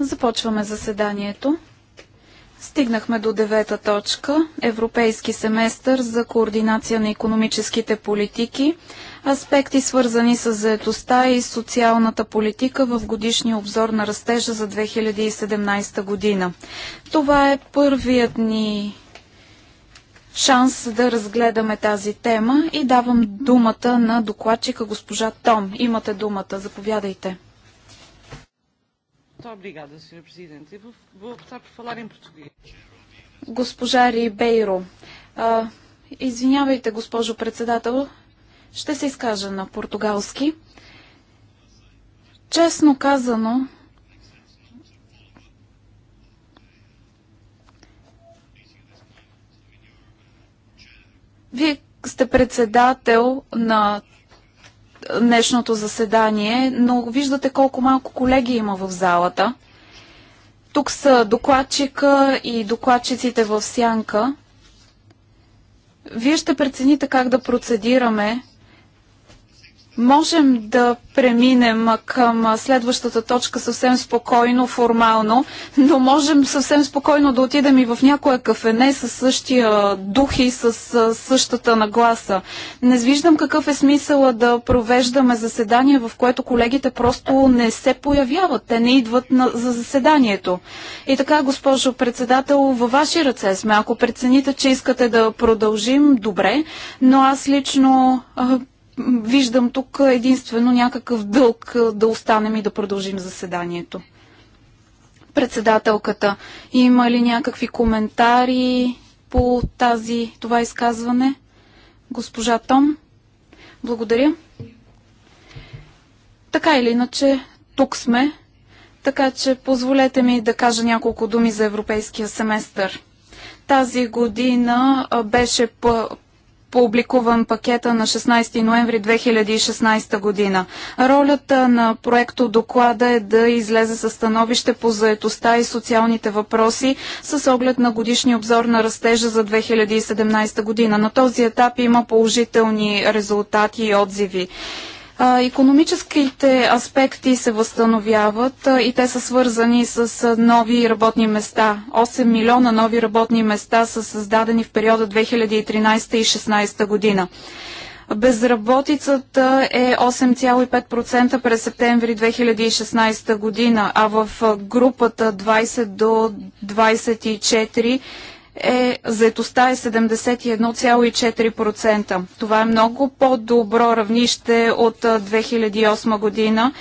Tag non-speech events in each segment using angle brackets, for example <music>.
Започваме заседанието. Стигнахме до девета точка – Европейски семестър за координация на економическите политики, аспекти свързани с заетостта и социалната политика в годишния обзор на растежа за 2017 година. Това е първият ни шанс да разгледаме тази тема и давам думата на докладчика госпожа Том. Имате думата, заповядайте. Muito obrigada, Sr. Presidente. Eu vou, por falar em português. Госпожа Рибейро, а, извинявайте, госпожо председател, ще се изкажа на португалски. Честно казано, вие сте председател на днешното заседание, но виждате колко малко колеги има в залата. Тук са докладчика и докладчиците в сянка. Вие ще прецените как да процедираме Можем да преминем към следващата точка съвсем спокойно, формално, но можем съвсем спокойно да отидем и в някоя кафене с същия дух и с същата нагласа. Не виждам какъв е смисъла да провеждаме заседание, в което колегите просто не се появяват. Те не идват на, за заседанието. И така, госпожо председател, във ваши ръце сме. Ако прецените, че искате да продължим, добре, но аз лично виждам тук единствено някакъв дълг да останем и да продължим заседанието. Председателката, има ли някакви коментари по тази, това изказване? Госпожа Том, благодаря. Така или иначе, тук сме, така че позволете ми да кажа няколко думи за европейския семестър. Тази година беше публикуван пакета на 16 ноември 2016 година. Ролята на проекто доклада е да излезе със становище по заетостта и социалните въпроси с оглед на годишния обзор на растежа за 2017 година. На този етап има положителни резултати и отзиви. Економическите аспекти се възстановяват и те са свързани с нови работни места. 8 милиона нови работни места са създадени в периода 2013 и 2016 година. Безработицата е 8,5% през септември 2016 година, а в групата 20 до 24 е заетостта е 71,4%. Това е много по-добро равнище от 2008 година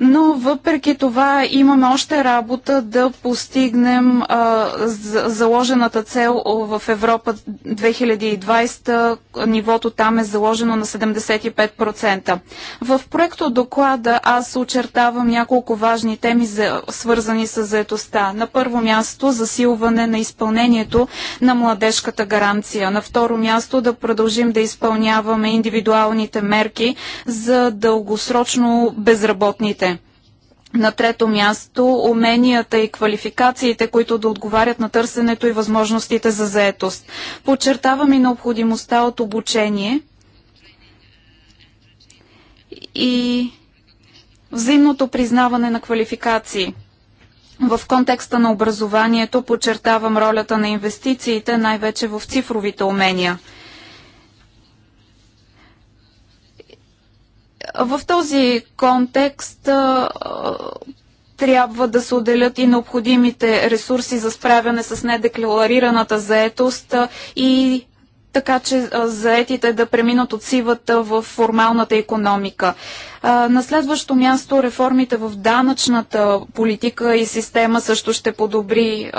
но въпреки това имаме още работа да постигнем а, заложената цел в Европа 2020. Нивото там е заложено на 75%. В проекто доклада аз очертавам няколко важни теми, за, свързани с заетостта. На първо място засилване на изпълнението на младежката гаранция. На второ място да продължим да изпълняваме индивидуалните мерки за дългосрочно безработните на трето място уменията и квалификациите, които да отговарят на търсенето и възможностите за заетост. Подчертавам и необходимостта от обучение и взаимното признаване на квалификации. В контекста на образованието подчертавам ролята на инвестициите, най-вече в цифровите умения – В този контекст трябва да се отделят и необходимите ресурси за справяне с недекларираната заетост и така че заетите да преминат от сивата в формалната економика. На следващо място реформите в данъчната политика и система също ще подобри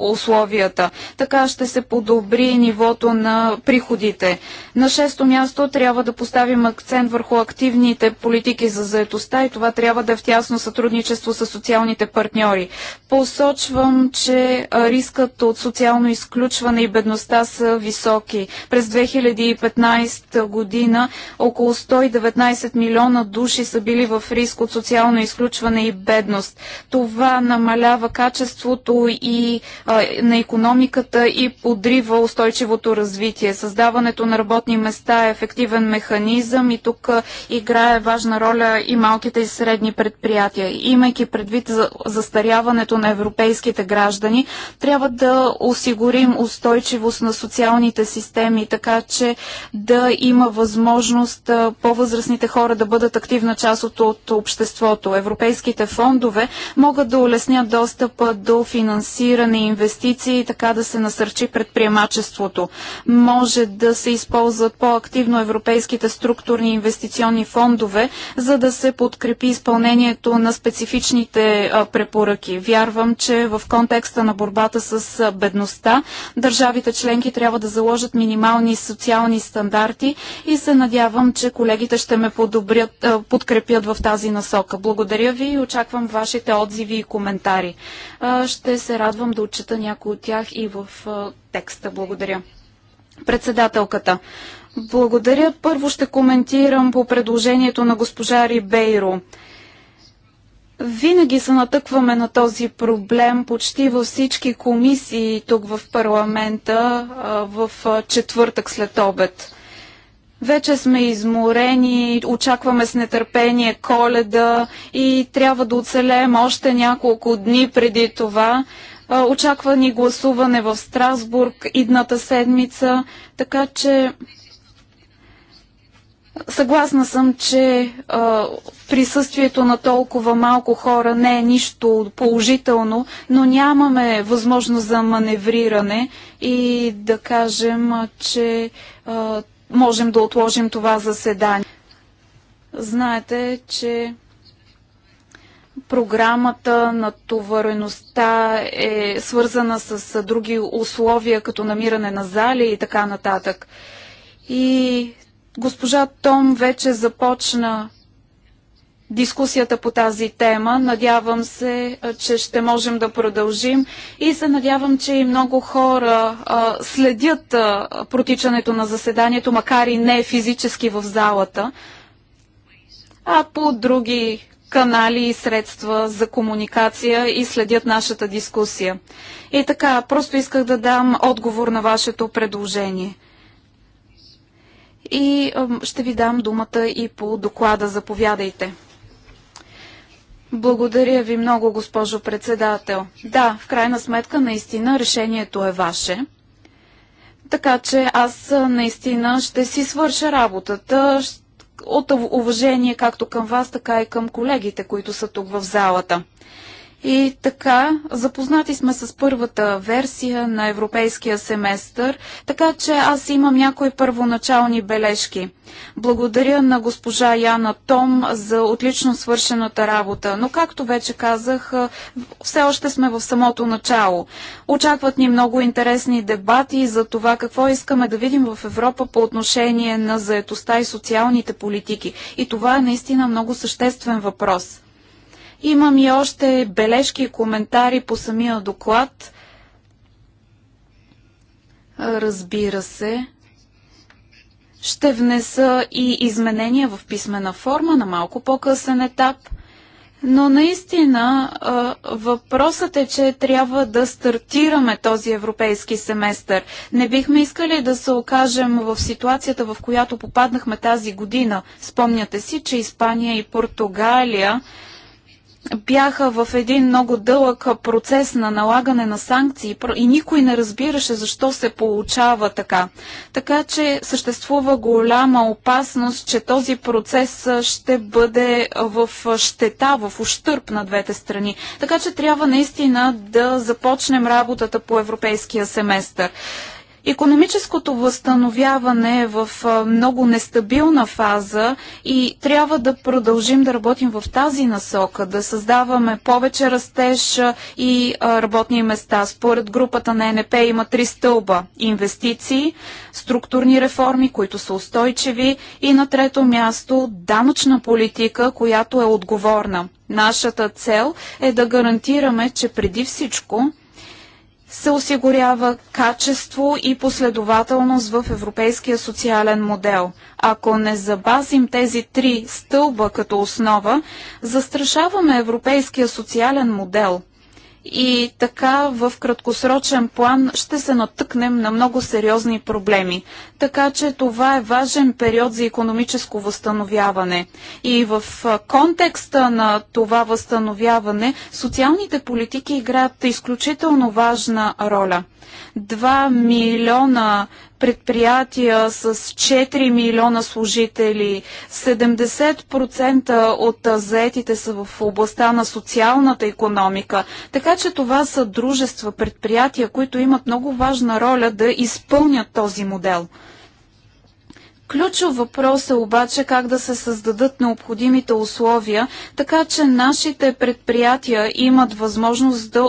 условията. Така ще се подобри нивото на приходите. На шесто място трябва да поставим акцент върху активните политики за заетостта и това трябва да е в тясно сътрудничество с социалните партньори. Посочвам, че рискът от социално изключване и бедността са високи. През 2015 година около 119 милиона души души са били в риск от социално изключване и бедност. Това намалява качеството и а, на економиката и подрива устойчивото развитие. Създаването на работни места е ефективен механизъм и тук играе важна роля и малките и средни предприятия. Имайки предвид за застаряването на европейските граждани, трябва да осигурим устойчивост на социалните системи, така че да има възможност по-възрастните хора да бъдат активни активна част от, от обществото. Европейските фондове могат да улеснят достъпа до финансиране и инвестиции така да се насърчи предприемачеството. Може да се използват по-активно европейските структурни инвестиционни фондове, за да се подкрепи изпълнението на специфичните а, препоръки. Вярвам, че в контекста на борбата с а, бедността държавите членки трябва да заложат минимални социални стандарти и се надявам, че колегите ще ме подобрят, а, подкрепят в тази насока. Благодаря ви и очаквам вашите отзиви и коментари. Ще се радвам да отчита някои от тях и в текста. Благодаря. Председателката. Благодаря. Първо ще коментирам по предложението на госпожа Рибейро. Винаги се натъкваме на този проблем почти във всички комисии тук в парламента в четвъртък след обед. Вече сме изморени, очакваме с нетърпение коледа и трябва да оцелеем още няколко дни преди това. Очаква ни гласуване в Страсбург идната седмица, така че Съгласна съм, че присъствието на толкова малко хора не е нищо положително, но нямаме възможност за маневриране и да кажем, че можем да отложим това заседание. Знаете, че програмата на товареността е свързана с други условия, като намиране на зали и така нататък. И госпожа Том вече започна дискусията по тази тема. Надявам се, че ще можем да продължим и се надявам, че и много хора следят протичането на заседанието, макар и не физически в залата, а по други канали и средства за комуникация и следят нашата дискусия. И така, просто исках да дам отговор на вашето предложение. И ще ви дам думата и по доклада. Заповядайте. Благодаря ви много, госпожо председател. Да, в крайна сметка, наистина решението е ваше. Така че аз наистина ще си свърша работата от уважение както към вас, така и към колегите, които са тук в залата. И така, запознати сме с първата версия на европейския семестър, така че аз имам някои първоначални бележки. Благодаря на госпожа Яна Том за отлично свършената работа, но както вече казах, все още сме в самото начало. Очакват ни много интересни дебати за това какво искаме да видим в Европа по отношение на заетостта и социалните политики. И това е наистина много съществен въпрос. Имам и още бележки и коментари по самия доклад. Разбира се, ще внеса и изменения в писмена форма на малко по-късен етап. Но наистина въпросът е, че трябва да стартираме този европейски семестър. Не бихме искали да се окажем в ситуацията, в която попаднахме тази година. Спомняте си, че Испания и Португалия бяха в един много дълъг процес на налагане на санкции и никой не разбираше защо се получава така. Така че съществува голяма опасност, че този процес ще бъде в щета, в ущърп на двете страни. Така че трябва наистина да започнем работата по европейския семестър. Економическото възстановяване е в много нестабилна фаза и трябва да продължим да работим в тази насока, да създаваме повече растеж и работни места. Според групата на НП има три стълба – инвестиции, структурни реформи, които са устойчиви и на трето място данъчна политика, която е отговорна. Нашата цел е да гарантираме, че преди всичко – се осигурява качество и последователност в европейския социален модел. Ако не забазим тези три стълба като основа, застрашаваме европейския социален модел и така в краткосрочен план ще се натъкнем на много сериозни проблеми. Така че това е важен период за економическо възстановяване. И в контекста на това възстановяване социалните политики играят изключително важна роля. 2 милиона предприятия с 4 милиона служители, 70% от заетите са в областта на социалната економика. Така че това са дружества, предприятия, които имат много важна роля да изпълнят този модел. Ключов въпрос е обаче как да се създадат необходимите условия, така че нашите предприятия имат възможност да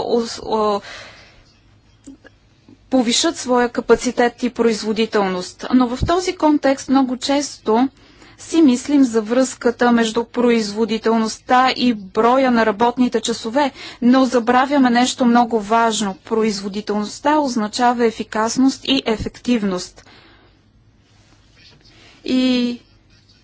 повишат своя капацитет и производителност. Но в този контекст много често си мислим за връзката между производителността и броя на работните часове, но забравяме нещо много важно. Производителността означава ефикасност и ефективност. И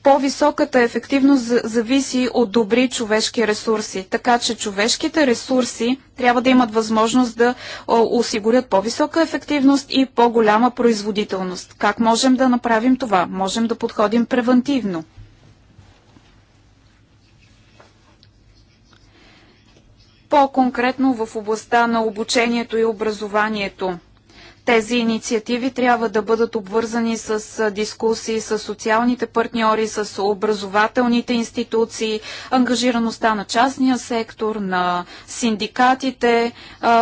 по-високата ефективност зависи от добри човешки ресурси. Така че човешките ресурси трябва да имат възможност да осигурят по-висока ефективност и по-голяма производителност. Как можем да направим това? Можем да подходим превентивно. По-конкретно в областта на обучението и образованието – тези инициативи трябва да бъдат обвързани с дискусии с социалните партньори, с образователните институции, ангажираността на частния сектор, на синдикатите,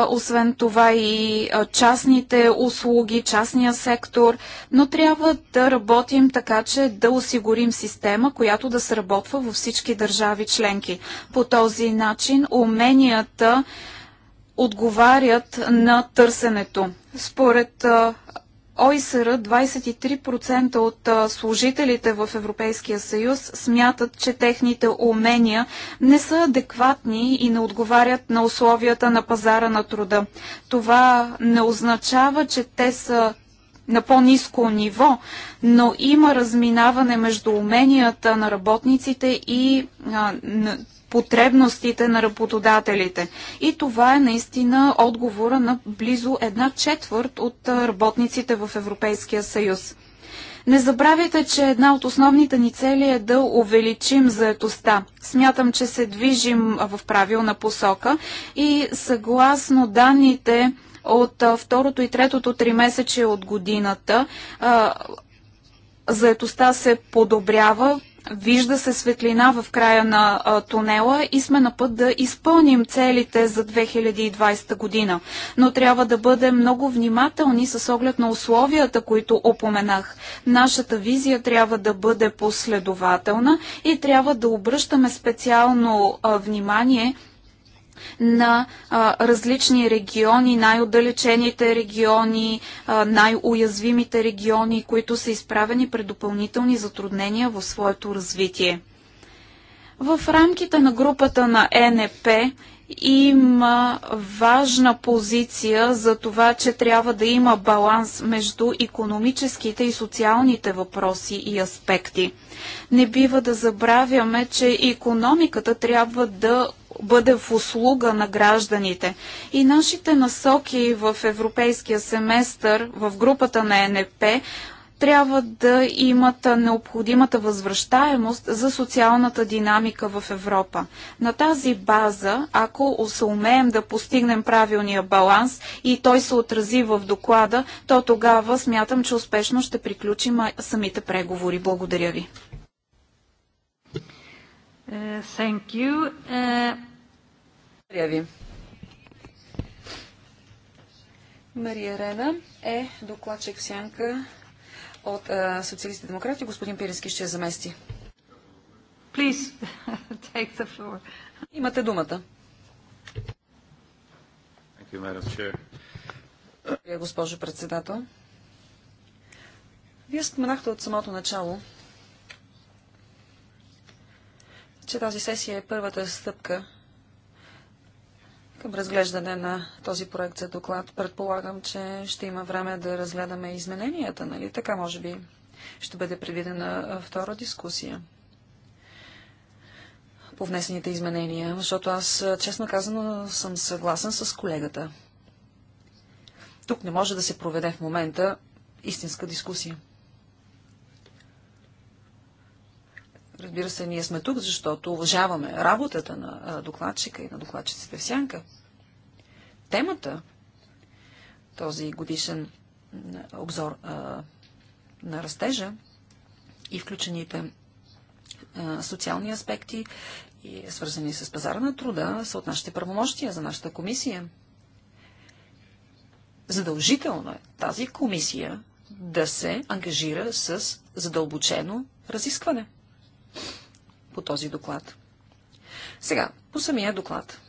освен това и частните услуги, частния сектор, но трябва да работим така, че да осигурим система, която да сработва във всички държави членки. По този начин уменията отговарят на търсенето. Според ОИСР 23% от служителите в Европейския съюз смятат, че техните умения не са адекватни и не отговарят на условията на пазара на труда. Това не означава, че те са на по-низко ниво, но има разминаване между уменията на работниците и а, потребностите на работодателите. И това е наистина отговора на близо една четвърт от работниците в Европейския съюз. Не забравяйте, че една от основните ни цели е да увеличим заетостта. Смятам, че се движим в правилна посока и съгласно данните от второто и третото три месече от годината, заетостта се подобрява Вижда се светлина в края на а, тунела и сме на път да изпълним целите за 2020 година. Но трябва да бъдем много внимателни с оглед на условията, които опоменах. Нашата визия трябва да бъде последователна и трябва да обръщаме специално а, внимание на а, различни региони, най-отдалечените региони, най-уязвимите региони, които са изправени пред допълнителни затруднения в своето развитие. В рамките на групата на НП има важна позиция за това, че трябва да има баланс между економическите и социалните въпроси и аспекти. Не бива да забравяме, че економиката трябва да бъде в услуга на гражданите. И нашите насоки в европейския семестър, в групата на НП, трябва да имат необходимата възвръщаемост за социалната динамика в Европа. На тази база, ако се умеем да постигнем правилния баланс и той се отрази в доклада, то тогава смятам, че успешно ще приключим самите преговори. Благодаря ви. Uh, thank you. Uh, Благодаря ви. Мария Рена е докладчик сянка от социалистите демократи. Господин Пирински ще я замести. Please, <laughs> take the floor. Имате думата. Thank you, Madam Chair. Благодаря, госпожо председател. Вие споменахте от самото начало, че тази сесия е първата стъпка към разглеждане на този проект за доклад. Предполагам, че ще има време да разгледаме измененията, нали? Така, може би, ще бъде предвидена втора дискусия по внесените изменения, защото аз, честно казано, съм съгласен с колегата. Тук не може да се проведе в момента истинска дискусия. Разбира се, ние сме тук, защото уважаваме работата на докладчика и на докладчиците в сянка. Темата, този годишен обзор а, на растежа и включените а, социални аспекти, и свързани с пазара на труда, са от нашите правомощия за нашата комисия. Задължително е тази комисия да се ангажира с задълбочено разискване по този доклад. Сега, по самия доклад.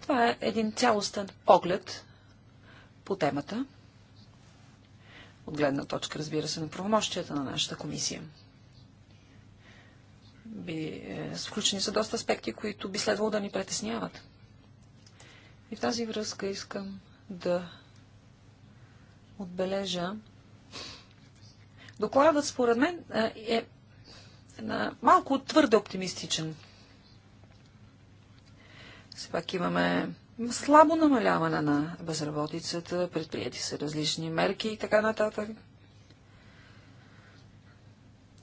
Това е един цялостен поглед по темата, от гледна точка, разбира се, на правомощията на нашата комисия. Би, е, включени са доста аспекти, които би следвало да ни притесняват. И в тази връзка искам да отбележа. Докладът, според мен, е малко твърде оптимистичен. Все пак имаме слабо намаляване на безработицата, предприяти са различни мерки и така нататък.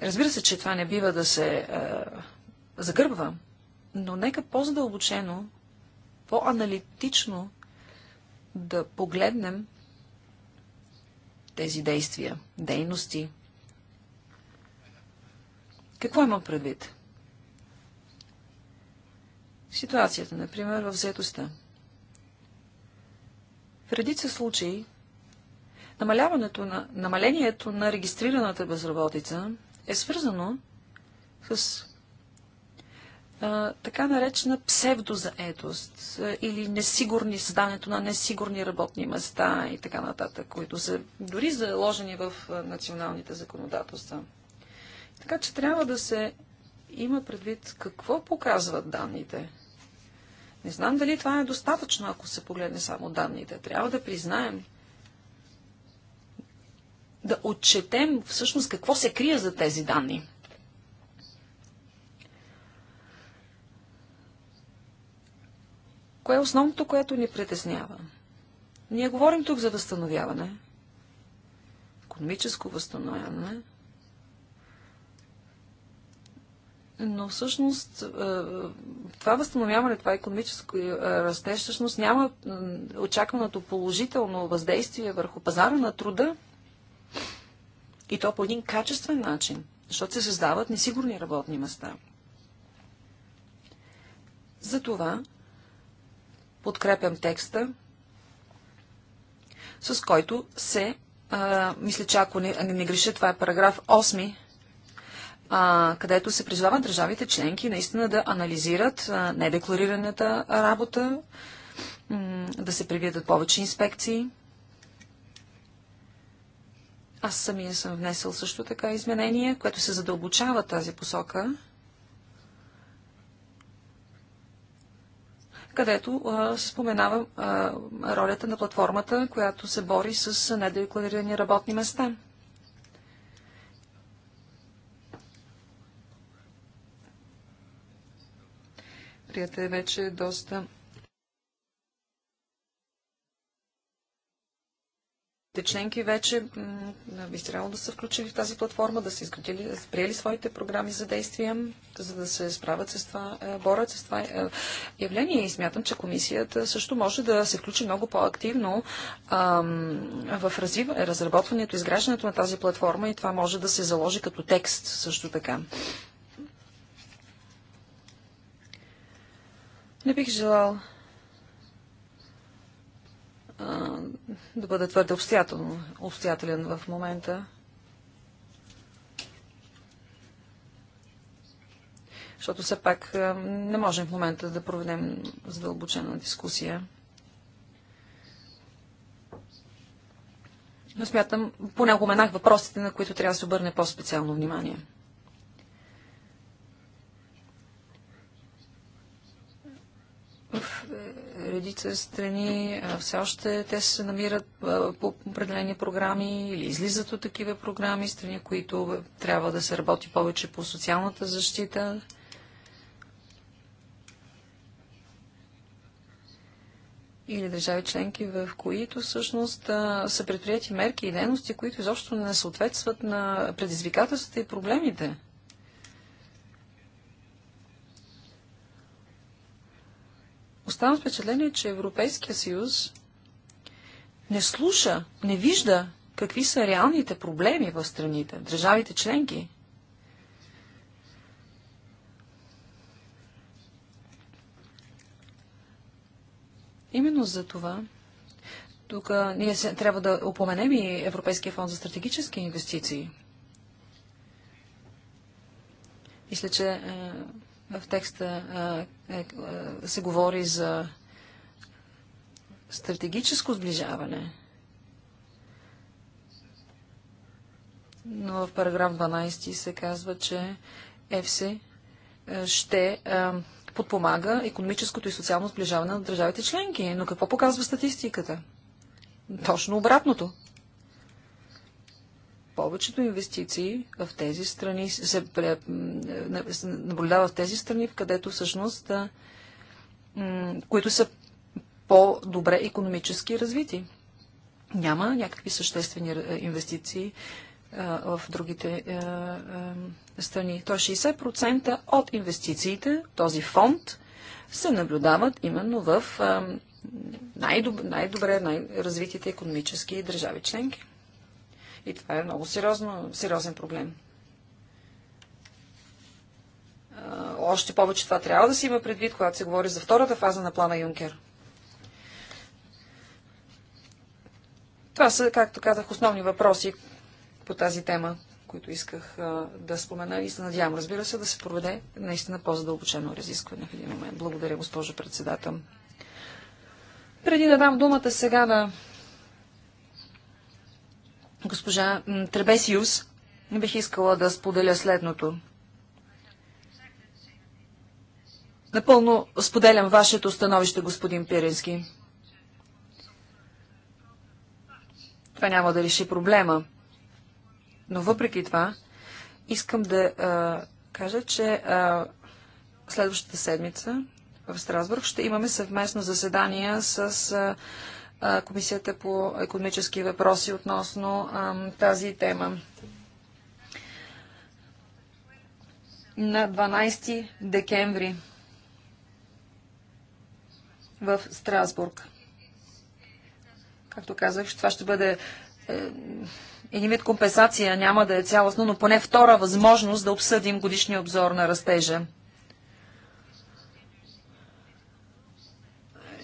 Разбира се, че това не бива да се е, загърбва, но нека по-задълбочено, по-аналитично да погледнем тези действия, дейности. Какво имам предвид? Ситуацията, например, в взетостта. В редица случаи намаляването на, намалението на регистрираната безработица е свързано с а, така наречена псевдозаетост или несигурни, създането на несигурни работни места и така нататък, които са дори заложени в националните законодателства. Така че трябва да се има предвид какво показват данните. Не знам дали това е достатъчно, ако се погледне само данните. Трябва да признаем, да отчетем всъщност какво се крие за тези данни. Кое е основното, което ни притеснява? Ние говорим тук за възстановяване, економическо възстановяване, но всъщност е, това възстановяване, това економическо е, растеж, всъщност няма очакваното положително въздействие върху пазара на труда и то по един качествен начин, защото се създават несигурни работни места. Затова Подкрепям текста, с който се, а, мисля, че ако не, не греша, това е параграф 8, а, където се призвават държавите членки наистина да анализират а, недекларираната работа, да се предвидят повече инспекции. Аз самия съм внесъл също така изменение, което се задълбочава тази посока. където се споменава а, ролята на платформата, която се бори с недекларирани работни места. Прията е вече доста Те членки вече би трябвало да са включили в тази платформа, да са изградили, да са приели своите програми за действия, за да се справят с това, е, борят с това е, явление. И смятам, че комисията също може да се включи много по-активно в разив... разработването, изграждането на тази платформа и това може да се заложи като текст също така. Не бих желал да бъда твърде обстоятелен в момента. Защото все пак не можем в момента да проведем задълбочена дискусия. Но смятам, поне упоменах въпросите, на които трябва да се обърне по-специално внимание. редица страни все още те се намират по определени програми или излизат от такива програми, страни, които е, трябва да се работи повече по социалната защита. Или държави членки, в които всъщност са предприяти мерки и дейности, които изобщо не съответстват на предизвикателствата и проблемите. оставам впечатление, че Европейския съюз не слуша, не вижда какви са реалните проблеми в страните, държавите членки. Именно за това тук ние се, трябва да упоменем и Европейския фонд за стратегически инвестиции. Мисля, че е, в текста е, е, се говори за стратегическо сближаване. Но в параграф 12 се казва, че ЕФСИ е, ще подпомага економическото и социално сближаване на държавите членки. Но какво показва статистиката? Точно обратното повечето инвестиции в тези страни се е, наблюдава в тези страни, в където всъщност, които са по-добре економически развити. Няма някакви съществени е, инвестиции в другите е, страни. То 60% от инвестициите, този фонд, се наблюдават именно в най-добре най-развитите економически държави членки. И това е много сериозно, сериозен проблем. Още повече това трябва да се има предвид, когато се говори за втората фаза на плана Юнкер. Това са, както казах, основни въпроси по тази тема, които исках да спомена и се надявам, разбира се, да се проведе наистина по-задълбочено разискване в един момент. Благодаря, госпожо председател. Преди да дам думата сега на госпожа Требесиус, бих искала да споделя следното. Напълно споделям вашето становище, господин Пирински. Това няма да реши проблема. Но въпреки това, искам да а, кажа, че а, следващата седмица в Страсбург ще имаме съвместно заседание с а, Комисията по економически въпроси относно тази тема. На 12 декември в Страсбург. Както казах, това ще бъде е, един вид компенсация, няма да е цялостно, но поне втора възможност да обсъдим годишния обзор на растежа.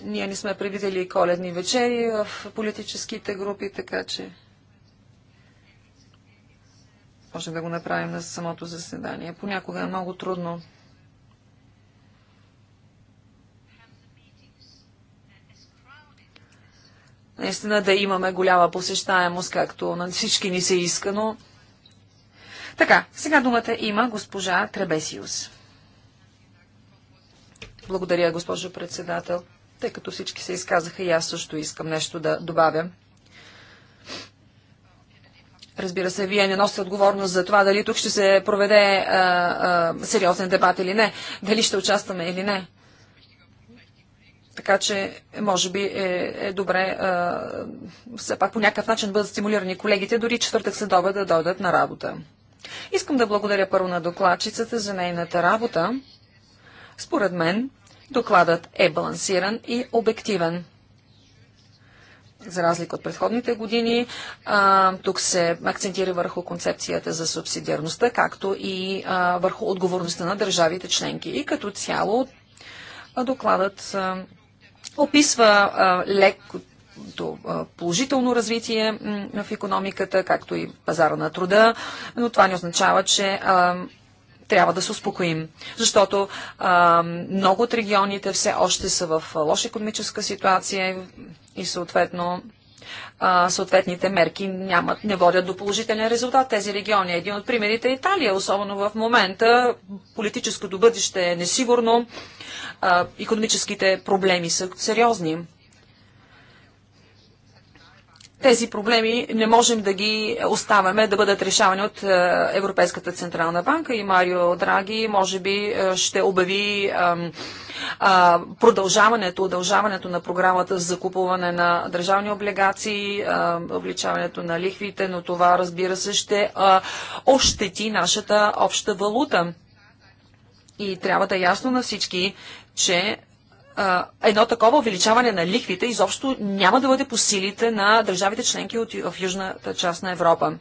ние не сме предвидели коледни вечери в политическите групи, така че можем да го направим на самото заседание. Понякога е много трудно. Наистина да имаме голяма посещаемост, както на всички ни се иска, но... Така, сега думата има госпожа Требесиус. Благодаря, госпожо председател. Тъй като всички се изказаха и аз също искам нещо да добавя. Разбира се, вие не носите отговорност за това дали тук ще се проведе а, а, сериозен дебат или не, дали ще участваме или не. Така че, може би е, е добре а, все пак по някакъв начин да бъдат стимулирани колегите, дори четвъртък след обед да дойдат на работа. Искам да благодаря първо на докладчицата за нейната работа. Според мен, Докладът е балансиран и обективен. За разлика от предходните години, тук се акцентира върху концепцията за субсидиарността, както и върху отговорността на държавите членки. И като цяло докладът описва леко положително развитие в економиката, както и пазара на труда, но това не означава, че трябва да се успокоим, защото а, много от регионите все още са в лоша економическа ситуация и съответно а, съответните мерки нямат, не водят до положителен резултат тези региони. Един от примерите е Италия, особено в момента. Политическото бъдеще е несигурно, а, економическите проблеми са сериозни тези проблеми не можем да ги оставяме да бъдат решавани от е, Европейската Централна банка и Марио Драги може би е, ще обяви продължаването, удължаването на програмата за купуване на държавни облигации, обличаването на лихвите, но това разбира се ще ощети нашата обща валута. И трябва да е ясно на всички, че едно такова увеличаване на лихвите изобщо няма да бъде по силите на държавите членки от, в южната част на Европа.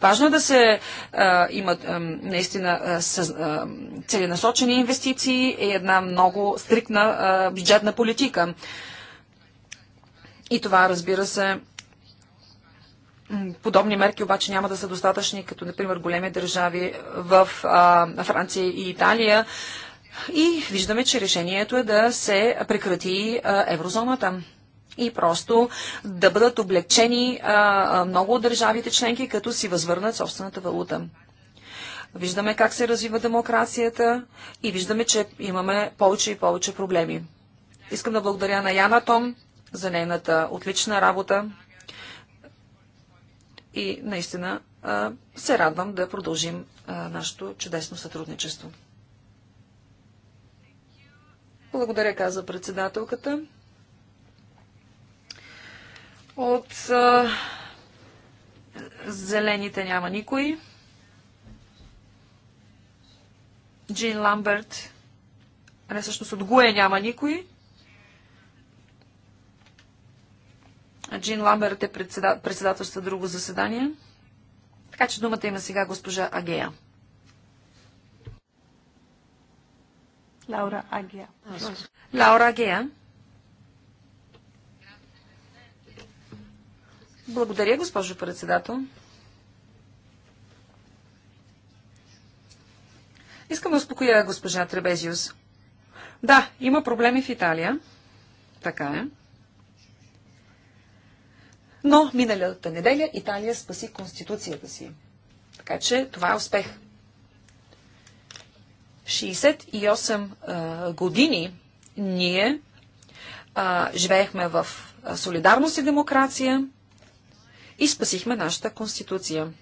Важно е да се а, имат а, наистина а, с, а, целенасочени инвестиции и една много стрикна а, бюджетна политика. И това, разбира се, Подобни мерки обаче няма да са достатъчни, като например големи държави в а, Франция и Италия, и виждаме, че решението е да се прекрати еврозоната и просто да бъдат облегчени много от държавите членки, като си възвърнат собствената валута. Виждаме как се развива демокрацията и виждаме, че имаме повече и повече проблеми. Искам да благодаря на Яна Том за нейната отлична работа и наистина се радвам да продължим нашето чудесно сътрудничество. Благодаря, каза председателката. От а, зелените няма никой. Джин Ламберт. Не, всъщност от Гуе няма никой. Джин Ламберт е председател, председателства друго заседание. Така че думата има сега госпожа Агея. Laura Agia. Laura Агия. Благодаря, госпожо председател. Искам да успокоя госпожа Требезиус. Да, има проблеми в Италия. Така е. Но миналата неделя Италия спаси конституцията си. Така че това е успех. 68 години ние живеехме в солидарност и демокрация и спасихме нашата конституция.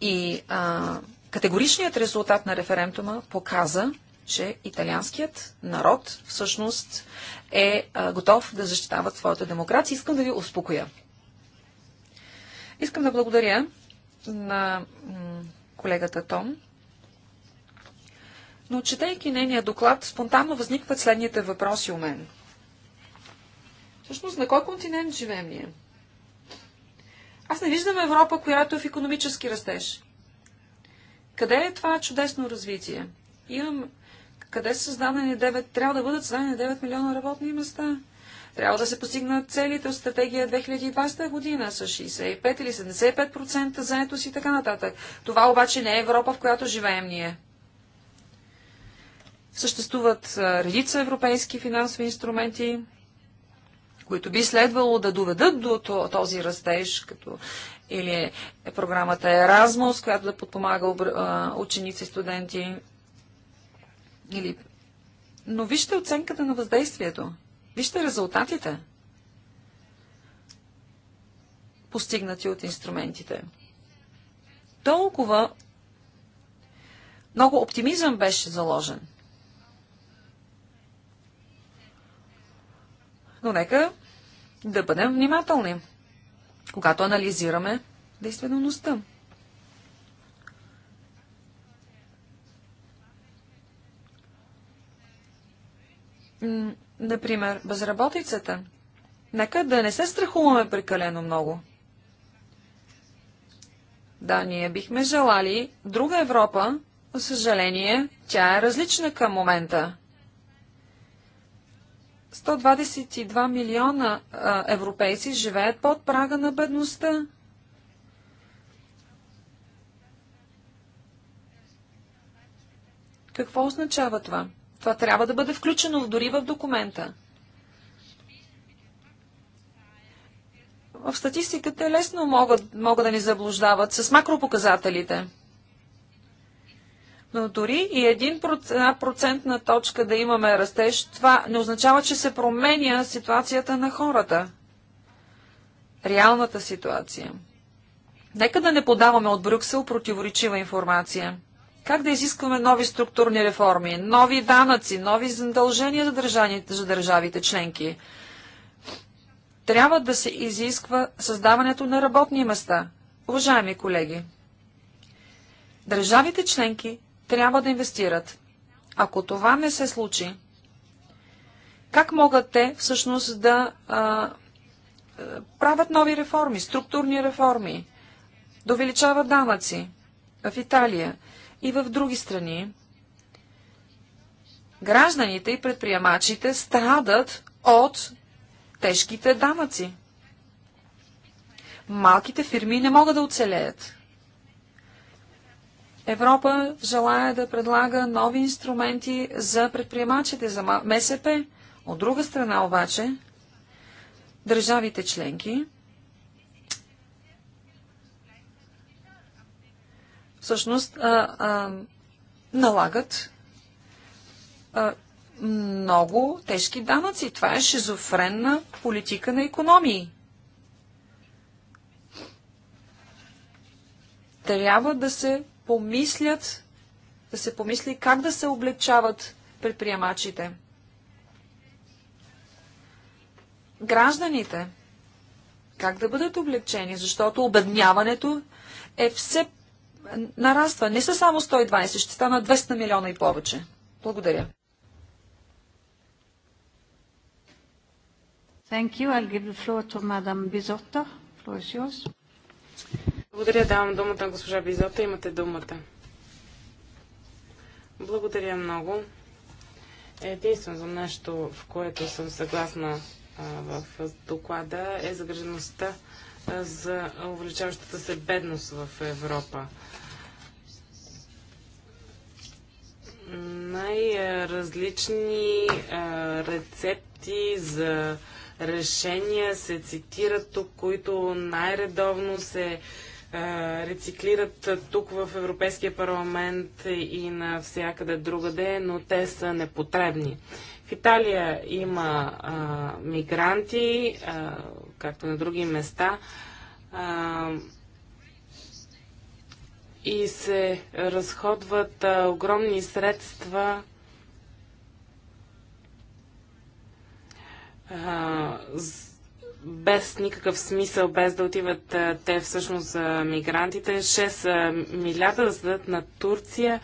И а, категоричният резултат на референдума показа, че италианският народ всъщност е а, готов да защитава своята демокрация. Искам да ви успокоя. Искам да благодаря на колегата Том но четейки нейния доклад, спонтанно възникват следните въпроси у мен. Всъщност, на кой континент живеем ние? Аз не виждам Европа, която е в економически растеж. Къде е това чудесно развитие? Имам... Къде са създадени 9... Трябва да бъдат създадени 9 милиона работни места. Трябва да се постигнат целите от стратегия 2020 година с 65 или 75% заетост и така нататък. Това обаче не е Европа, в която живеем ние. Съществуват редица европейски финансови инструменти, които би следвало да доведат до този растеж, като или е програмата Erasmus, която да подпомага ученици и студенти. Или... Но вижте оценката на въздействието. Вижте резултатите, постигнати от инструментите. Толкова много оптимизъм беше заложен – Но нека да бъдем внимателни, когато анализираме действителността. Например, безработицата. Нека да не се страхуваме прекалено много. Да, ние бихме желали друга Европа, за съжаление, тя е различна към момента. 122 милиона европейци живеят под прага на бедността. Какво означава това? Това трябва да бъде включено дори в документа. В статистиката лесно могат, могат да ни заблуждават с макропоказателите. Но дори и един процентна точка да имаме растеж, това не означава, че се променя ситуацията на хората. Реалната ситуация. Нека да не подаваме от Брюксел противоречива информация. Как да изискваме нови структурни реформи, нови данъци, нови задължения за, държаните, за държавите членки? Трябва да се изисква създаването на работни места. Уважаеми колеги, държавите членки трябва да инвестират. Ако това не се случи, как могат те всъщност да а, правят нови реформи, структурни реформи, да увеличават данъци в Италия и в други страни? Гражданите и предприемачите страдат от тежките данъци. Малките фирми не могат да оцелеят. Европа желая да предлага нови инструменти за предприемачите, за МСП. От друга страна обаче, държавите членки всъщност а, а, налагат а, много тежки данъци. Това е шизофренна политика на економии. Трябва да се помислят, да се помисли как да се облегчават предприемачите. Гражданите, как да бъдат облегчени, защото обедняването е все нараства. Не са само 120, ще стана 200 милиона и повече. Благодаря. Thank you. I'll give the floor to Madame Bisotto. Floor is yours. Благодаря, давам думата на госпожа Бизота. Имате думата. Благодаря много. Единствено нещо, в което съм съгласна в доклада, е загрежеността за увеличаващата се бедност в Европа. Най-различни рецепти за решения се цитират тук, които най-редовно се рециклират тук в Европейския парламент и навсякъде другаде, но те са непотребни. В Италия има а, мигранти, а, както на други места, а, и се разходват а, огромни средства а, за без никакъв смисъл, без да отиват те всъщност за мигрантите. 6 милиарда да зададат на Турция.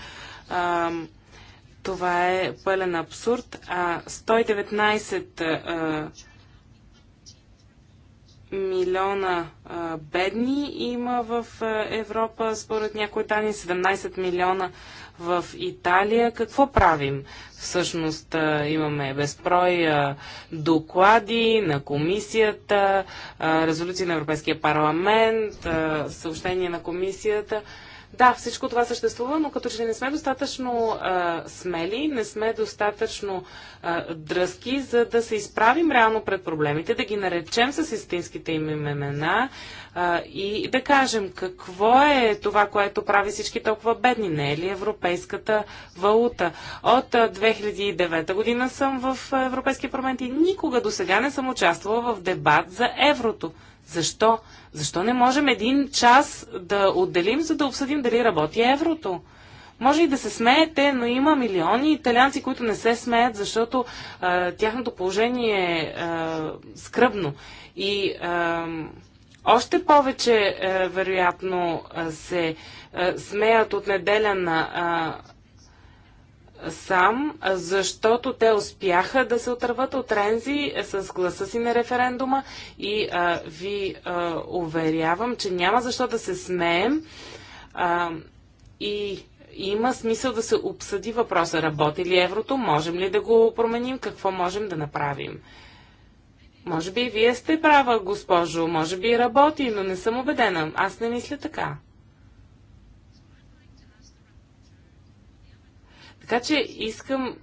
Това е пълен абсурд. А 119 милиона а, бедни има в а, Европа, според някои данни 17 милиона в Италия. Какво правим? Всъщност а, имаме безпрой доклади на комисията, резолюции на Европейския парламент, съобщения на комисията. Да, всичко това съществува, но като че не сме достатъчно а, смели, не сме достатъчно а, дръзки, за да се изправим реално пред проблемите, да ги наречем с истинските им имена а, и да кажем какво е това, което прави всички толкова бедни. Не е ли европейската валута? От 2009 година съм в Европейския парламент и никога до сега не съм участвала в дебат за еврото. Защо? Защо не можем един час да отделим, за да обсъдим дали работи еврото? Може и да се смеете, но има милиони италианци, които не се смеят, защото а, тяхното положение е а, скръбно. И а, още повече, а, вероятно, а, се а, смеят от неделя на а, сам, защото те успяха да се отърват от Рензи е, с гласа си на референдума и а, ви а, уверявам, че няма защо да се смеем а, и има смисъл да се обсъди въпроса. Работи ли еврото? Можем ли да го променим? Какво можем да направим? Може би и вие сте права, госпожо, може би и работи, но не съм убедена. Аз не мисля така. Така че искам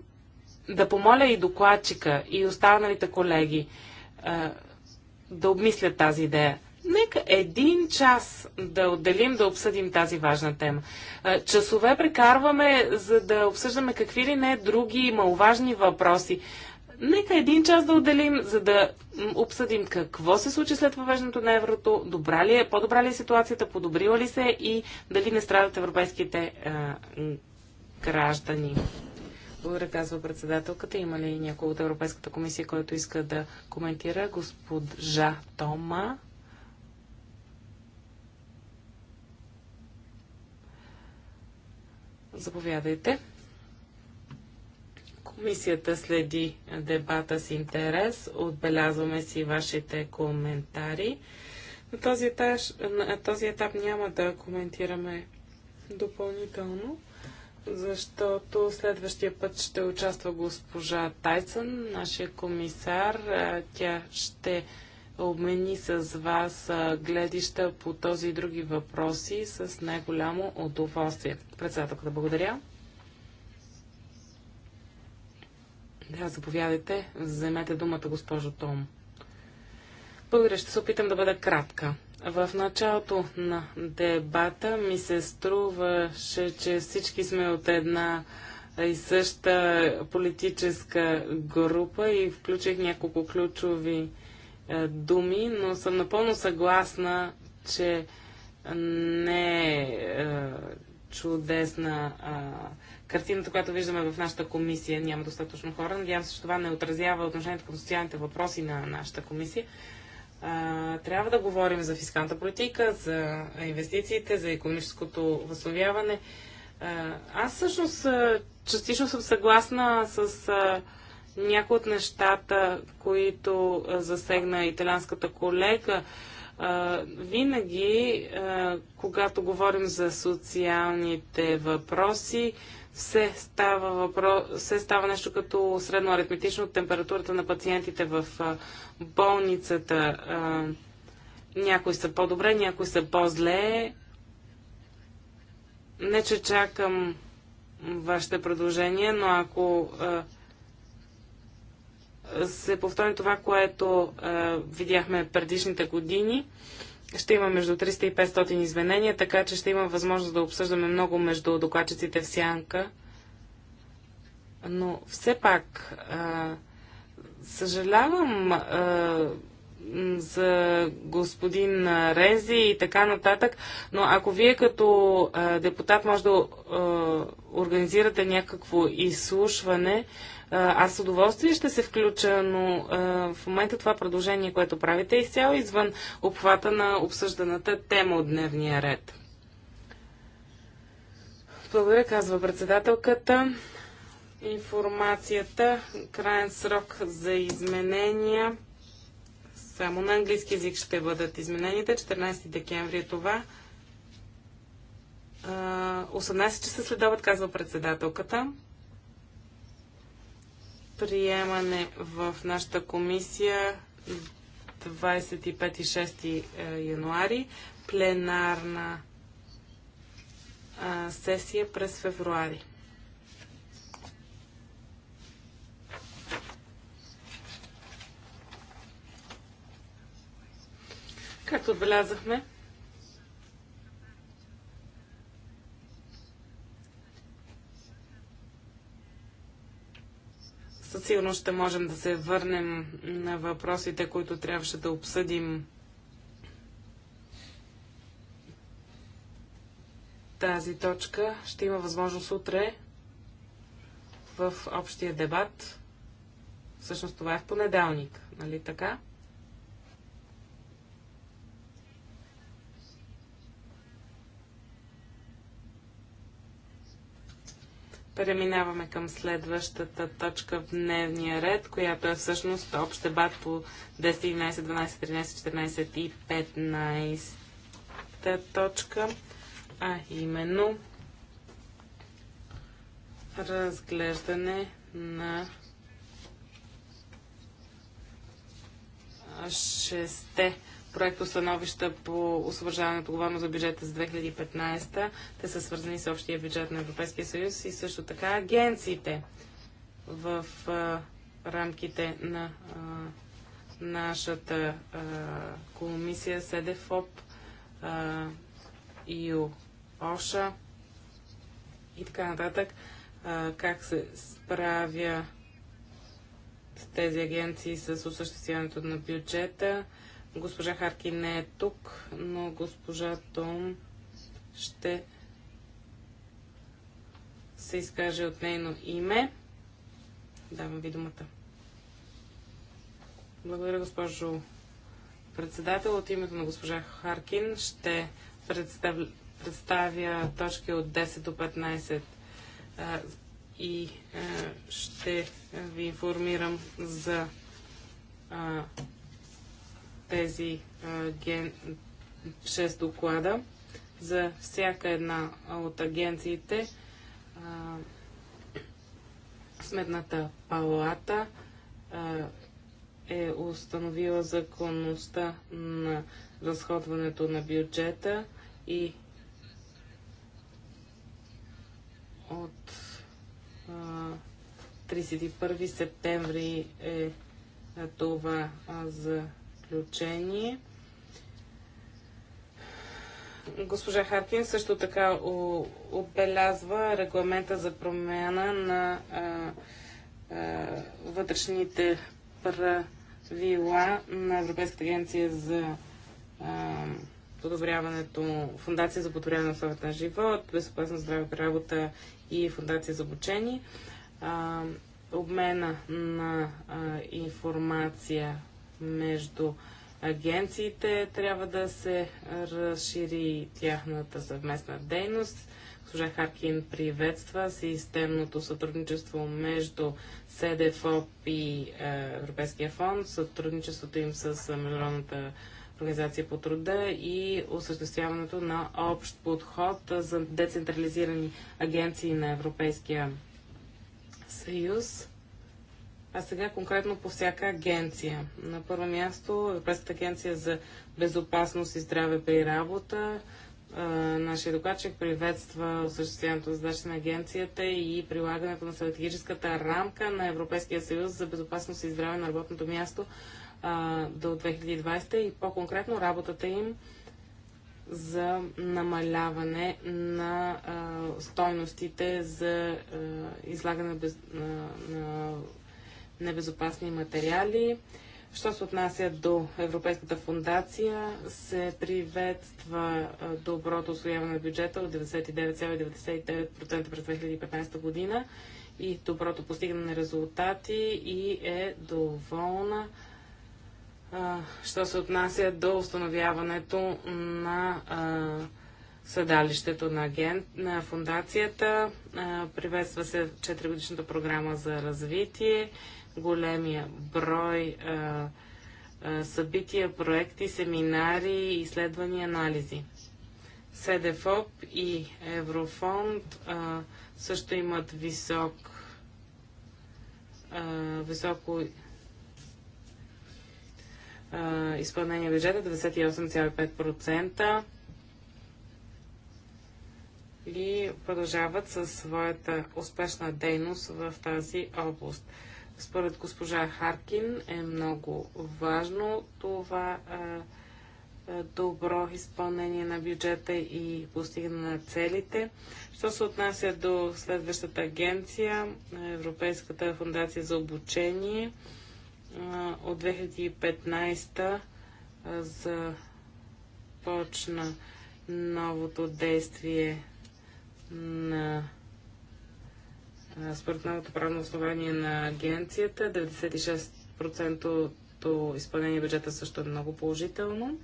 да помоля и докладчика, и останалите колеги да обмислят тази идея. Нека един час да отделим да обсъдим тази важна тема. Часове прекарваме, за да обсъждаме какви ли не други маловажни въпроси. Нека един час да отделим, за да обсъдим какво се случи след въвеждането на еврото, добра ли е, по-добра ли е ситуацията, подобрила ли се и дали не страдат европейските а, граждани. Благодаря, казва председателката. Има ли някой от Европейската комисия, който иска да коментира? Госпожа Тома. Заповядайте. Комисията следи дебата с интерес. Отбелязваме си вашите коментари. На този, етаж, на този етап няма да коментираме допълнително защото следващия път ще участва госпожа Тайсън, нашия комисар. Тя ще обмени с вас гледища по този и други въпроси с най-голямо удоволствие. Председателката, благодаря. Да, заповядайте. Вземете думата, госпожо Том. Благодаря. Ще се опитам да бъда кратка. В началото на дебата ми се струваше, че всички сме от една и съща политическа група и включих няколко ключови е, думи, но съм напълно съгласна, че не е, е чудесна картината, която виждаме в нашата комисия. Няма достатъчно хора. Надявам се, че това не отразява отношението към социалните въпроси на нашата комисия трябва да говорим за фискалната политика, за инвестициите, за економическото възстановяване. Аз всъщност частично съм съгласна с а, някои от нещата, които а, засегна италянската колега. А, винаги, когато говорим за социалните въпроси, все става, въпрос, все става нещо като средно аритметично температурата на пациентите в болницата. Някои са по-добре, някои са по-зле. Не, че чакам вашите предложения, но ако се повтори това, което видяхме предишните години, ще има между 300 и 500 изменения, така че ще има възможност да обсъждаме много между докладчиците в сянка. Но все пак, а, съжалявам а, за господин Рези и така нататък, но ако вие като а, депутат може да а, организирате някакво изслушване, аз с удоволствие ще се включа, но а, в момента това предложение, което правите, е изцяло извън обхвата на обсъжданата тема от дневния ред. Благодаря, казва председателката. Информацията, крайен срок за изменения. Само на английски язик ще бъдат измененията. 14 декември е това. 18 часа следобед, казва председателката приемане в нашата комисия 25 6 е, януари, пленарна сесия през февруари. Както отбелязахме, Сигурно ще можем да се върнем на въпросите, които трябваше да обсъдим тази точка. Ще има възможност утре в общия дебат. Всъщност това е в понеделник, нали така? Преминаваме към следващата точка в дневния ред, която е всъщност общ дебат по 211, 12, 13, 14 и 15 точка, а именно разглеждане на проекто становища по освобождаване на отговорност за бюджета за 2015. Те са свързани с общия бюджет на Европейския съюз и също така агенциите в а, рамките на а, нашата а, комисия СДФОП и ОША и така нататък. Как се справя с тези агенции с осъществяването на бюджета? Госпожа Харки не е тук, но госпожа Том ще се изкаже от нейно име. Давам ви думата. Благодаря, госпожо председател. От името на госпожа Харкин ще представя, представя точки от 10 до 15 а, и а, ще ви информирам за а, тези а, ген... 6 доклада за всяка една от агенциите. А, Сметната палата а, е установила законността на разходването на бюджета и от а, 31 септември е това за заключение. Госпожа Харкин също така отбелязва регламента за промяна на а, а, вътрешните правила на Европейската агенция за а, подобряването, Фундация за подобряване на условията на живот, безопасна здраве работа и Фундация за обучение. А, обмена на а, информация между агенциите трябва да се разшири тяхната съвместна дейност. Служа Харкин приветства системното сътрудничество между СДФОП и е, Европейския фонд, сътрудничеството им с Международната организация по труда и осъществяването на общ подход за децентрализирани агенции на Европейския съюз. А сега конкретно по всяка агенция. На първо място Европейската агенция за безопасност и здраве при работа. нашия докладчик приветства осъществяването задача на агенцията и прилагането на стратегическата рамка на Европейския съюз за безопасност и здраве на работното място до 2020 и по-конкретно работата им за намаляване на а, стойностите за а, излагане без, на, на небезопасни материали. Що се отнася до Европейската фундация, се приветства доброто освояване на бюджета от 99,99% през 2015 година и доброто постигане на резултати и е доволна що се отнася до установяването на съдалището на, агент, на фундацията. приветства се 4-годишната програма за развитие големия брой а, а, събития, проекти, семинари, изследвания, анализи. СДФОП и Еврофонд а, също имат висок, а, високо а, изпълнение бюджета 98,5% и продължават със своята успешна дейност в тази област според госпожа Харкин е много важно това добро изпълнение на бюджета и постигане на целите. Що се отнася до следващата агенция, Европейската фундация за обучение от 2015 започна новото действие на според новото правно основание на агенцията, 96% то изпълнение бюджета също е много положително.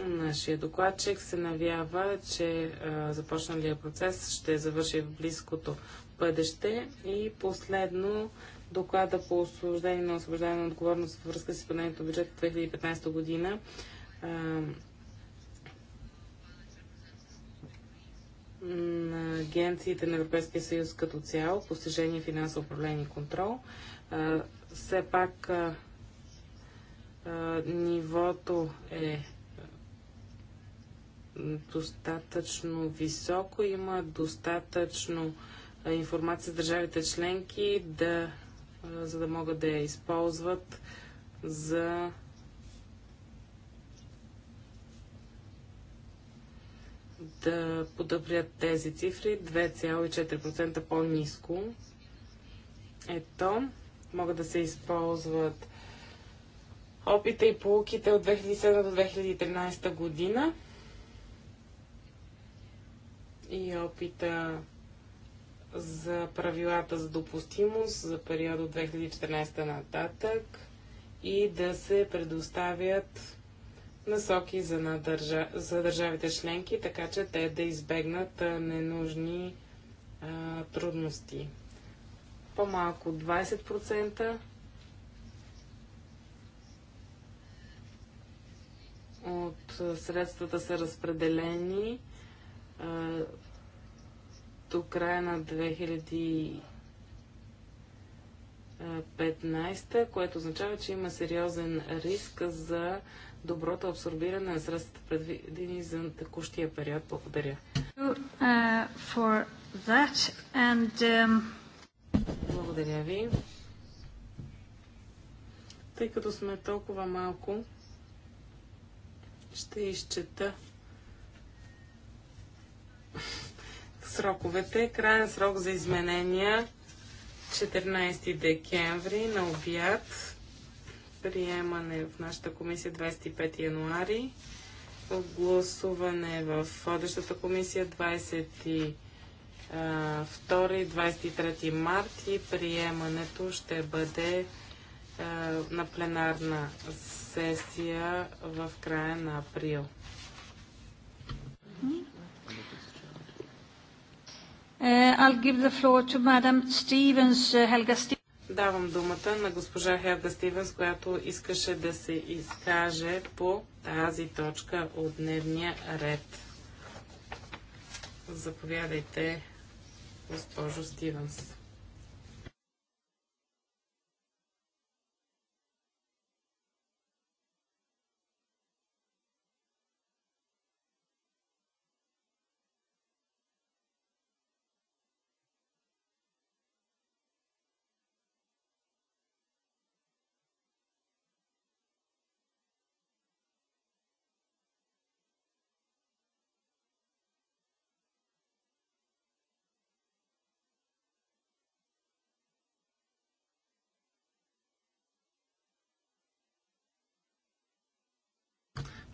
Нашия докладчик се навява, че а, започналия процес ще завърши в близкото бъдеще. И последно, доклада по освобождение на освобождаване на отговорност във връзка с изпълнението на бюджета 2015 година. А, на агенциите на Европейския съюз като цяло, постижение, финансово управление и контрол. А, все пак нивото е достатъчно високо, има достатъчно информация за държавите членки, да, за да могат да я използват за да подобрят тези цифри 2,4% по-ниско. Ето, могат да се използват опита и полуките от 2007 до 2013 година и опита за правилата за допустимост за период от 2014 нататък и да се предоставят насоки за, на държа, за държавите членки, така че те да избегнат ненужни а, трудности. По-малко 20% от средствата са разпределени а, до края на 2015 което означава, че има сериозен риск за доброто абсорбиране на средствата предвидени за текущия период. Благодаря. Um, Благодаря ви. Тъй като сме толкова малко, ще изчета сроковете. Крайен срок за изменения 14 декември на обяд приемане в нашата комисия 25 януари, гласуване в водещата комисия 22 и 23 март и приемането ще бъде е, на пленарна сесия в края на април. Е, I'll give the floor to Madam Stevens, Helga Stevens. Давам думата на госпожа Хелга Стивенс, която искаше да се изкаже по тази точка от дневния ред. Заповядайте, госпожо Стивенс.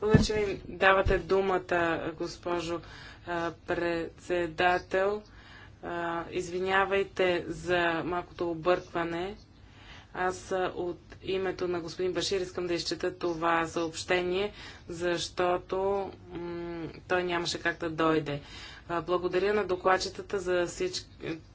Благодаря, ми давате думата, госпожо председател. Извинявайте за малкото объркване. Аз от името на господин Башир искам да изчета това съобщение, защото той нямаше как да дойде. Благодаря на докладчетата за всички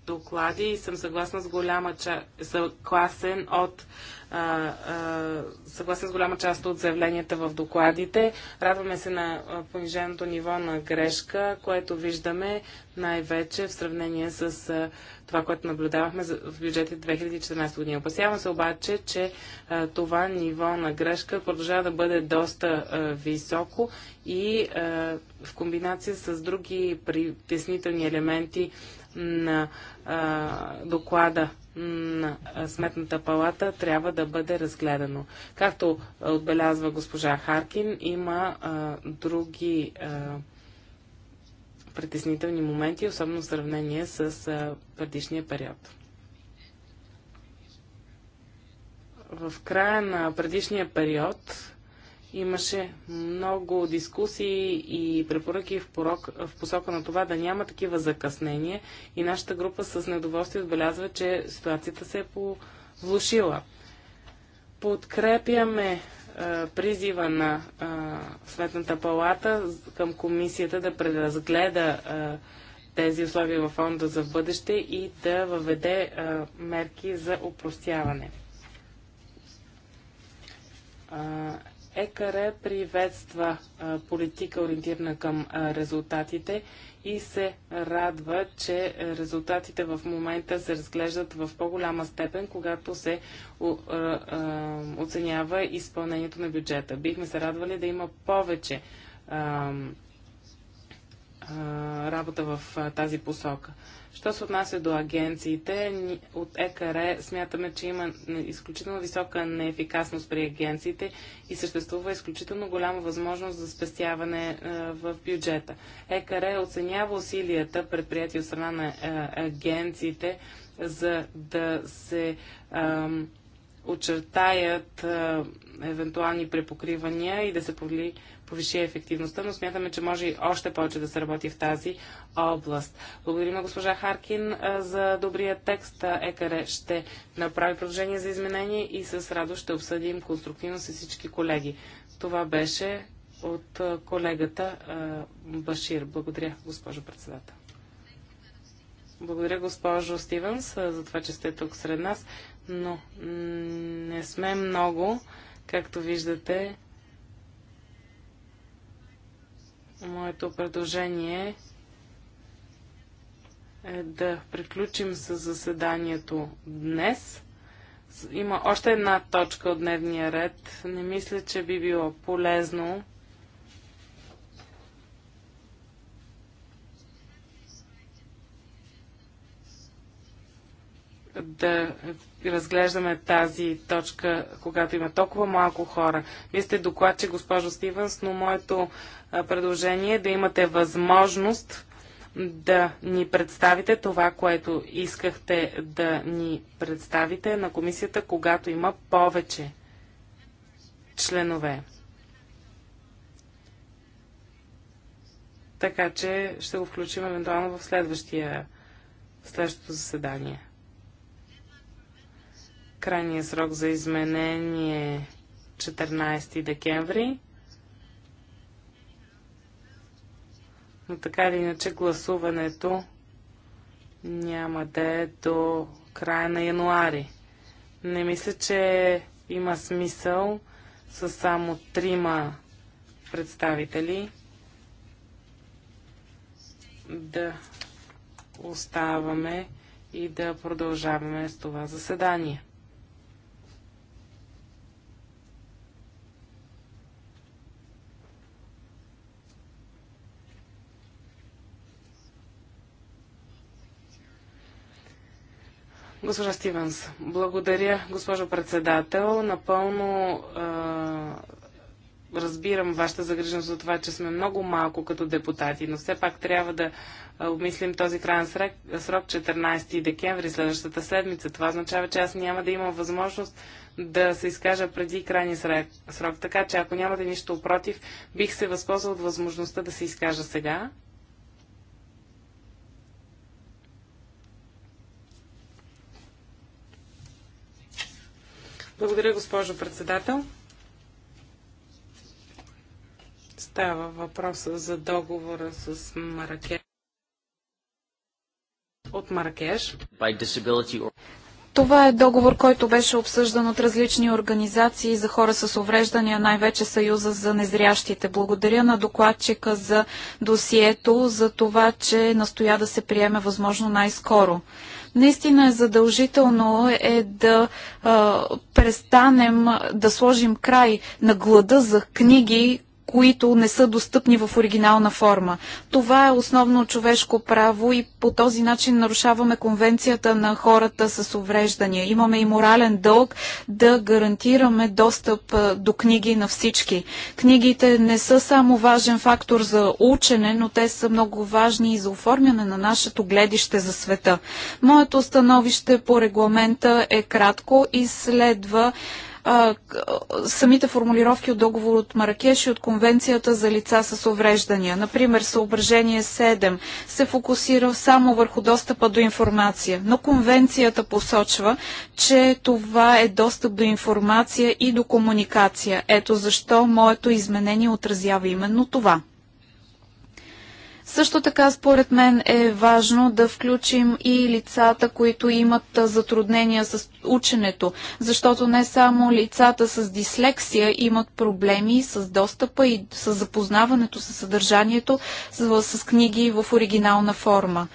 доклади и съм съгласна с голяма част, съгласен от а, а, съгласен с голяма част от заявленията в докладите. Радваме се на пониженото ниво на грешка, което виждаме най-вече в сравнение с а, това, което наблюдавахме в бюджетите 2014 година. Опасявам се обаче, че а, това ниво на грешка продължава да бъде доста а, високо и а, в комбинация с други притеснителни елементи на а, доклада на Сметната палата трябва да бъде разгледано. Както отбелязва госпожа Харкин, има а, други а, притеснителни моменти, особено в сравнение с а, предишния период. В края на предишния период Имаше много дискусии и препоръки в, порок, в посока на това да няма такива закъснения и нашата група с недоволствие отбелязва, че ситуацията се е повлушила. Подкрепяме е, призива на а, е, Сметната палата към комисията да преразгледа а, е, тези условия във фонда за бъдеще и да въведе а, мерки за упростяване. ЕКР приветства политика ориентирана към резултатите и се радва, че резултатите в момента се разглеждат в по-голяма степен, когато се оценява изпълнението на бюджета. Бихме се радвали да има повече работа в тази посока. Що се отнася до агенциите, от ЕКР смятаме, че има изключително висока неефикасност при агенциите и съществува изключително голяма възможност за спестяване е, в бюджета. ЕКР оценява усилията, предприяти от страна на е, агенциите, за да се ам, очертаят а, евентуални препокривания и да се повли, повиши ефективността, но смятаме, че може и още повече да се работи в тази област. Благодарим на госпожа Харкин а, за добрия текст. Екаре ще направи продължение за изменение и с радост ще обсъдим конструктивно с всички колеги. Това беше от а, колегата Башир. Благодаря, госпожо председател. Благодаря, госпожо Стивенс, за това, че сте тук сред нас но не сме много, както виждате. Моето предложение е да приключим с заседанието днес. Има още една точка от дневния ред. Не мисля, че би било полезно да разглеждаме тази точка, когато има толкова малко хора. Вие сте докладче, госпожо Стивенс, но моето предложение е да имате възможност да ни представите това, което искахте да ни представите на комисията, когато има повече членове. Така че ще го включим евентуално в следващия, следващото заседание. Крайният срок за изменение 14 е декември. Но така или иначе гласуването няма да е до края на януари. Не мисля, че има смисъл с само трима представители да оставаме и да продължаваме с това заседание. Госпожа Стивенс, благодаря, госпожо председател. Напълно разбирам вашата загриженост за това, че сме много малко като депутати, но все пак трябва да обмислим този крайен срок, срок 14 декември следващата седмица. Това означава, че аз няма да имам възможност да се изкажа преди крайния срок. Така че ако нямате нищо против, бих се възползвал от възможността да се изкажа сега. Благодаря, госпожо председател. Става въпроса за договора с Маракеш. От Маракеш. Това е договор, който беше обсъждан от различни организации за хора с увреждания, най-вече Съюза за незрящите. Благодаря на докладчика за досието, за това, че настоя да се приеме възможно най-скоро наистина е задължително е да а, престанем да сложим край на глада за книги, които не са достъпни в оригинална форма. Това е основно човешко право и по този начин нарушаваме конвенцията на хората с увреждания. Имаме и морален дълг да гарантираме достъп до книги на всички. Книгите не са само важен фактор за учене, но те са много важни и за оформяне на нашето гледище за света. Моето становище по регламента е кратко и следва а, самите формулировки от договор от Маракеш и от Конвенцията за лица с увреждания. Например, съображение 7 се фокусира само върху достъпа до информация, но Конвенцията посочва, че това е достъп до информация и до комуникация. Ето защо моето изменение отразява именно това. Също така, според мен е важно да включим и лицата, които имат затруднения с ученето, защото не само лицата с дислексия имат проблеми с достъпа и с запознаването с съдържанието с, с книги в оригинална форма.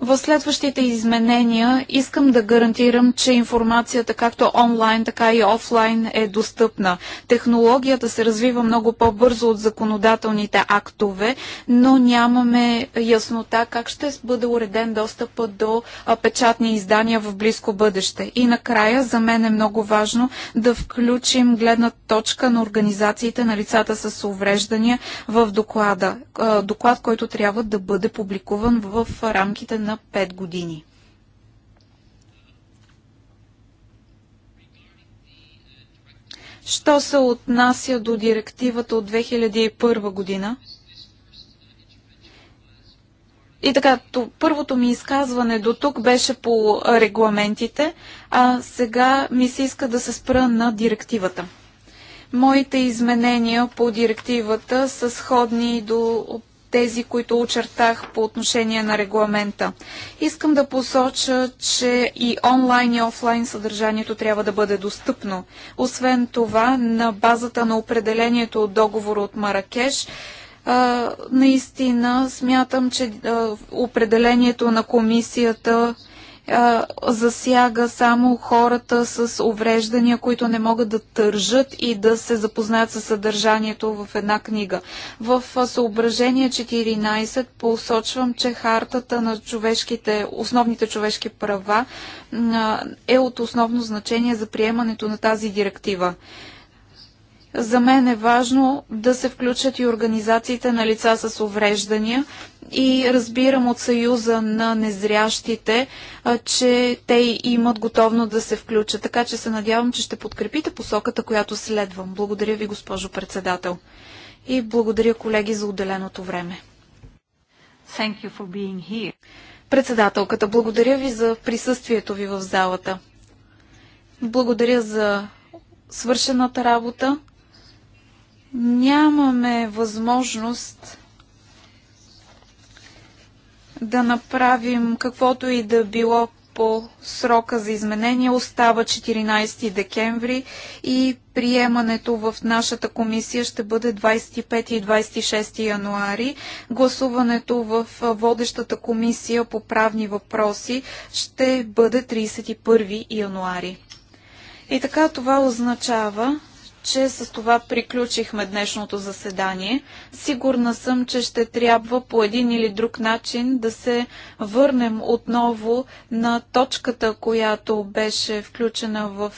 В следващите изменения искам да гарантирам, че информацията както онлайн, така и офлайн е достъпна. Технологията се развива много по-бързо от законодателните актове, но нямаме яснота как ще бъде уреден достъпа до печатни издания в близко бъдеще. И накрая за мен е много важно да включим гледна точка на организациите на лицата с увреждания в доклада. Доклад, който трябва да бъде публикуван в рамките на на 5 години. Що се отнася до директивата от 2001 година? И така, то, първото ми изказване до тук беше по регламентите, а сега ми се иска да се спра на директивата. Моите изменения по директивата са сходни до тези, които очертах по отношение на регламента. Искам да посоча, че и онлайн и офлайн съдържанието трябва да бъде достъпно. Освен това, на базата на определението от договора от Маракеш, наистина смятам, че определението на комисията засяга само хората с увреждания, които не могат да тържат и да се запознаят с съдържанието в една книга. В съображение 14 посочвам, че хартата на човешките, основните човешки права е от основно значение за приемането на тази директива. За мен е важно да се включат и организациите на лица с увреждания и разбирам от Съюза на незрящите, че те имат готовно да се включат. Така че се надявам, че ще подкрепите посоката, която следвам. Благодаря ви, госпожо председател. И благодаря, колеги, за отделеното време. Thank you for being here. Председателката, благодаря ви за присъствието ви в залата. Благодаря за свършената работа нямаме възможност да направим каквото и да било по срока за изменение. Остава 14 декември и приемането в нашата комисия ще бъде 25 и 26 януари. Гласуването в водещата комисия по правни въпроси ще бъде 31 януари. И така това означава, че с това приключихме днешното заседание. Сигурна съм, че ще трябва по един или друг начин да се върнем отново на точката, която беше включена в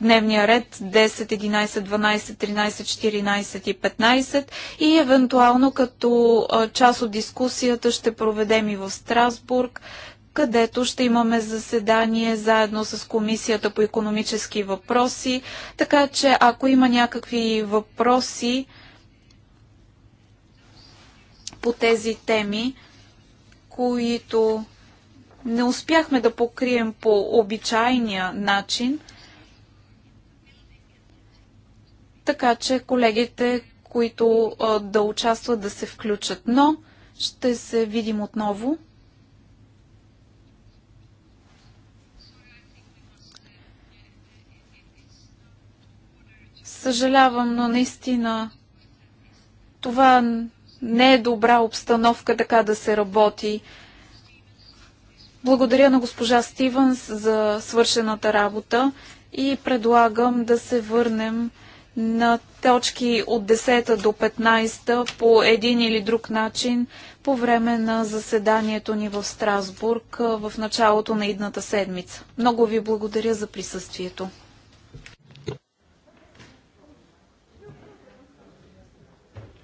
дневния ред 10, 11, 12, 13, 14 и 15 и евентуално като част от дискусията ще проведем и в Страсбург където ще имаме заседание заедно с Комисията по економически въпроси. Така че ако има някакви въпроси по тези теми, които не успяхме да покрием по обичайния начин, така че колегите, които да участват, да се включат. Но ще се видим отново. Съжалявам, но наистина това не е добра обстановка така да се работи. Благодаря на госпожа Стивенс за свършената работа и предлагам да се върнем на точки от 10 до 15 по един или друг начин по време на заседанието ни в Страсбург в началото на идната седмица. Много ви благодаря за присъствието.